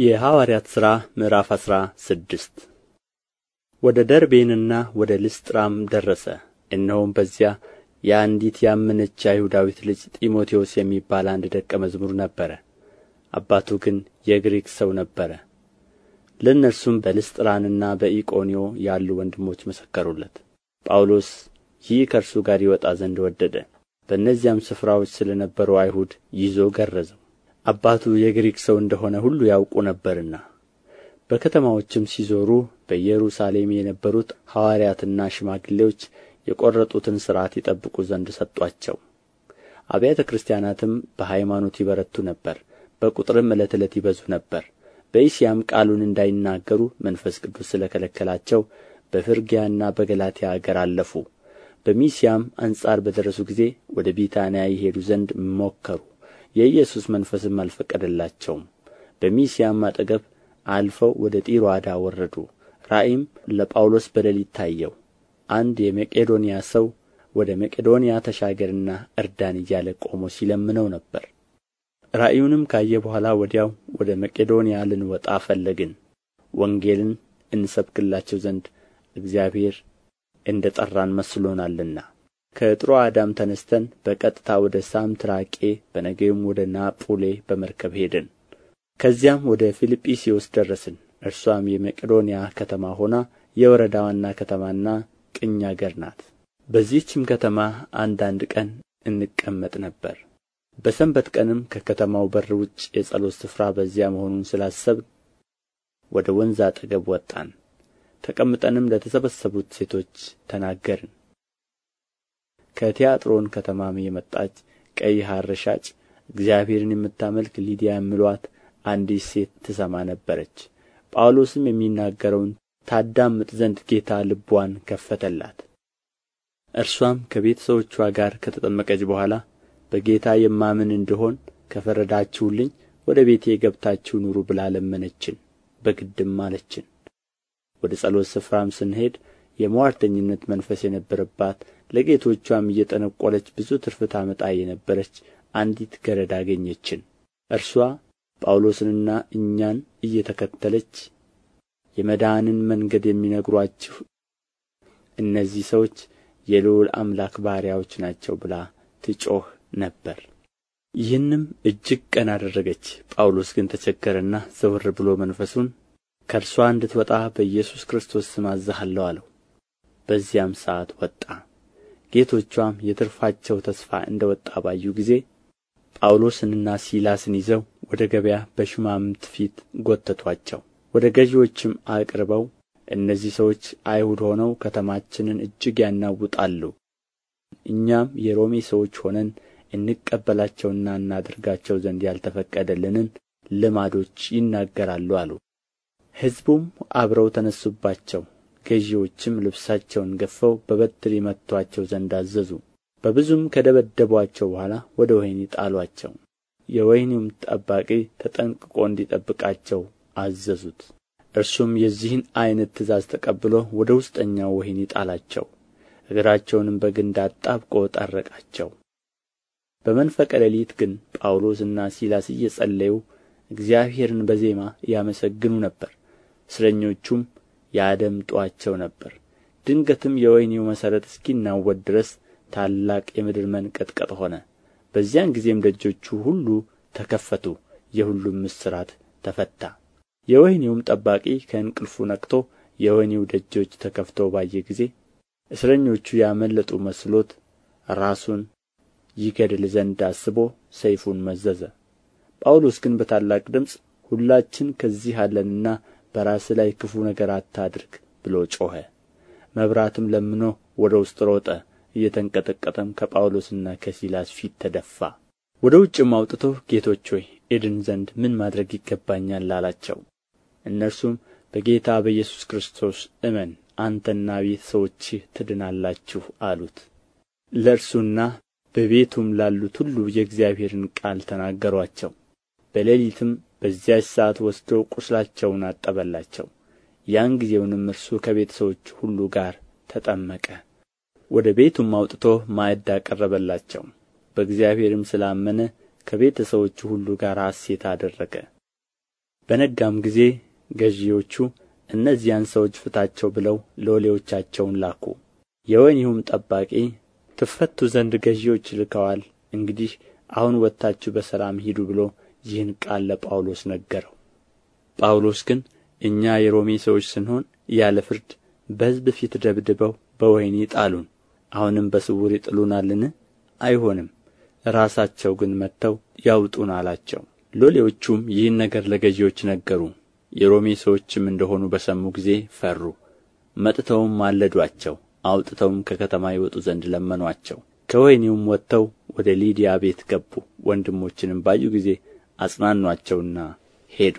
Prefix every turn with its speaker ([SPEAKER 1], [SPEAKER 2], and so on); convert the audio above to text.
[SPEAKER 1] የሐዋርያት ሥራ ምዕራፍ አስራ ስድስት ወደ ደርቤንና ወደ ልስጥራም ደረሰ። እነሆም በዚያ የአንዲት ያመነች አይሁዳዊት ልጅ ጢሞቴዎስ የሚባል አንድ ደቀ መዝሙር ነበረ። አባቱ ግን የግሪክ ሰው ነበረ። ለእነርሱም በልስጥራንና በኢቆንዮ ያሉ ወንድሞች መሰከሩለት። ጳውሎስ ይህ ከእርሱ ጋር ይወጣ ዘንድ ወደደ። በእነዚያም ስፍራዎች ስለ ነበሩ አይሁድ ይዞ ገረዘው። አባቱ የግሪክ ሰው እንደ ሆነ ሁሉ ያውቁ ነበርና በከተማዎችም ሲዞሩ በኢየሩሳሌም የነበሩት ሐዋርያትና ሽማግሌዎች የቈረጡትን ሥርዓት ይጠብቁ ዘንድ ሰጧቸው። አብያተ ክርስቲያናትም በሃይማኖት ይበረቱ ነበር፣ በቁጥርም ዕለት ዕለት ይበዙ ነበር። በእስያም ቃሉን እንዳይናገሩ መንፈስ ቅዱስ ስለ ከለከላቸው በፍርግያና በገላትያ አገር አለፉ። በሚስያም አንጻር በደረሱ ጊዜ ወደ ቢታንያ ይሄዱ ዘንድ ሞከሩ። የኢየሱስ መንፈስም አልፈቀደላቸውም በሚስያም አጠገብ አልፈው ወደ ጢሮአዳ ወረዱ ራእይም ለጳውሎስ በሌሊት ታየው አንድ የመቄዶንያ ሰው ወደ መቄዶንያ ተሻገርና እርዳን እያለ ቆሞ ሲለምነው ነበር። ራእዩንም ካየ በኋላ ወዲያው ወደ መቄዶንያ ልንወጣ ፈለግን። ወንጌልን እንሰብክላቸው ዘንድ እግዚአብሔር እንደ ጠራን መስሎናልና ከጥሮአዳም ተነሥተን በቀጥታ ወደ ሳምትራቄ በነገውም ወደ ናጱሌ በመርከብ ሄድን ከዚያም ወደ ፊልጵስዩስ ደረስን እርሷም የመቄዶንያ ከተማ ሆና የወረዳ ዋና ከተማና ቅኝ አገር ናት በዚህችም ከተማ አንዳንድ ቀን እንቀመጥ ነበር በሰንበት ቀንም ከከተማው በር ውጭ የጸሎት ስፍራ በዚያ መሆኑን ስላሰብ ወደ ወንዝ አጠገብ ወጣን ተቀምጠንም ለተሰበሰቡት ሴቶች ተናገርን ከቲያጥሮን ከተማም የመጣች ቀይ ሐር ሻጭ እግዚአብሔርን የምታመልክ ሊዲያ የምሏት አንዲት ሴት ትሰማ ነበረች ጳውሎስም የሚናገረውን ታዳምጥ ዘንድ ጌታ ልቧን ከፈተላት እርሷም ከቤተ ሰዎቿ ጋር ከተጠመቀች በኋላ በጌታ የማምን እንድሆን ከፈረዳችሁልኝ ወደ ቤቴ ገብታችሁ ኑሩ ብላ ለመነችን፣ በግድም አለችን። ወደ ጸሎት ስፍራም ስንሄድ የሟርተኝነት መንፈስ የነበረባት ለጌቶቿም እየጠነቈለች ብዙ ትርፍ ታመጣ የነበረች አንዲት ገረድ አገኘችን እርስዋ ጳውሎስንና እኛን እየተከተለች የመዳንን መንገድ የሚነግሯችሁ እነዚህ ሰዎች የልዑል አምላክ ባሪያዎች ናቸው ብላ ትጮህ ነበር። ይህንም እጅግ ቀን አደረገች። ጳውሎስ ግን ተቸገረና ዘወር ብሎ መንፈሱን ከእርሷ እንድትወጣ በኢየሱስ ክርስቶስ ስም አዝሃለሁ አለው። በዚያም ሰዓት ወጣ። ጌቶቿም የትርፋቸው ተስፋ እንደ ወጣ ባዩ ጊዜ ጳውሎስንና ሲላስን ይዘው ወደ ገበያ በሹማምት ፊት ጎተቷቸው። ወደ ገዢዎችም አቅርበው እነዚህ ሰዎች አይሁድ ሆነው ከተማችንን እጅግ ያናውጣሉ፣ እኛም የሮሜ ሰዎች ሆነን እንቀበላቸውና እናደርጋቸው ዘንድ ያልተፈቀደልንን ልማዶች ይናገራሉ አሉ። ሕዝቡም አብረው ተነሱባቸው፣ ገዢዎችም ልብሳቸውን ገፈው በበትር ይመቱአቸው ዘንድ አዘዙ በብዙም ከደበደቡአቸው በኋላ ወደ ወህኒ ጣሉአቸው የወህኒውም ጠባቂ ተጠንቅቆ እንዲጠብቃቸው አዘዙት እርሱም የዚህን ዐይነት ትእዛዝ ተቀብሎ ወደ ውስጠኛው ወህኒ ጣላቸው እግራቸውንም በግንድ አጣብቆ ጠረቃቸው በመንፈቀ ሌሊት ግን ጳውሎስና ሲላስ እየጸለዩ እግዚአብሔርን በዜማ ያመሰግኑ ነበር እስረኞቹም ያደምጡአቸው ነበር ድንገትም የወኅኒው መሠረት እስኪናወድ ድረስ ታላቅ የምድር መንቀጥቀጥ ሆነ በዚያን ጊዜም ደጆቹ ሁሉ ተከፈቱ የሁሉም ምስራት ተፈታ የወኅኒውም ጠባቂ ከእንቅልፉ ነቅቶ የወኅኒው ደጆች ተከፍተው ባየ ጊዜ እስረኞቹ ያመለጡ መስሎት ራሱን ይገድል ዘንድ አስቦ ሰይፉን መዘዘ ጳውሎስ ግን በታላቅ ድምፅ ሁላችን ከዚህ አለንና በራስህ ላይ ክፉ ነገር አታድርግ ብሎ ጮኸ። መብራትም ለምኖ ወደ ውስጥ ሮጠ፣ እየተንቀጠቀጠም ከጳውሎስና ከሲላስ ፊት ተደፋ። ወደ ውጭም አውጥቶ ጌቶች ሆይ ኤድን ዘንድ ምን ማድረግ ይገባኛል አላቸው። እነርሱም በጌታ በኢየሱስ ክርስቶስ እመን አንተና ቤተ ሰዎችህ ትድናላችሁ አሉት። ለእርሱና በቤቱም ላሉት ሁሉ የእግዚአብሔርን ቃል ተናገሯቸው። በሌሊትም በዚያች ሰዓት ወስዶ ቁስላቸውን አጠበላቸው ያን ጊዜውንም እርሱ ከቤተ ሰዎቹ ሁሉ ጋር ተጠመቀ ወደ ቤቱም አውጥቶ ማዕድ አቀረበላቸው በእግዚአብሔርም ስላመነ ከቤተ ሰዎቹ ሁሉ ጋር ሐሴት አደረገ በነጋም ጊዜ ገዢዎቹ እነዚያን ሰዎች ፍታቸው ብለው ሎሌዎቻቸውን ላኩ የወህኒውም ጠባቂ ትፈቱ ዘንድ ገዢዎች ልከዋል እንግዲህ አሁን ወጥታችሁ በሰላም ሂዱ ብሎ ይህን ቃል ለጳውሎስ ነገረው። ጳውሎስ ግን እኛ የሮሜ ሰዎች ስንሆን ያለ ፍርድ በሕዝብ ፊት ደብድበው በወህኒ ጣሉን፣ አሁንም በስውር ይጥሉናልን? አይሆንም፣ ራሳቸው ግን መጥተው ያውጡን አላቸው። ሎሌዎቹም ይህን ነገር ለገዢዎች ነገሩ። የሮሜ ሰዎችም እንደሆኑ በሰሙ ጊዜ ፈሩ። መጥተውም ማለዷቸው፣ አውጥተውም ከከተማ ይወጡ ዘንድ ለመኗቸው። ከወህኒውም ወጥተው ወደ ሊዲያ ቤት ገቡ። ወንድሞችንም ባዩ ጊዜ አጽናኑአቸውና ሄዱ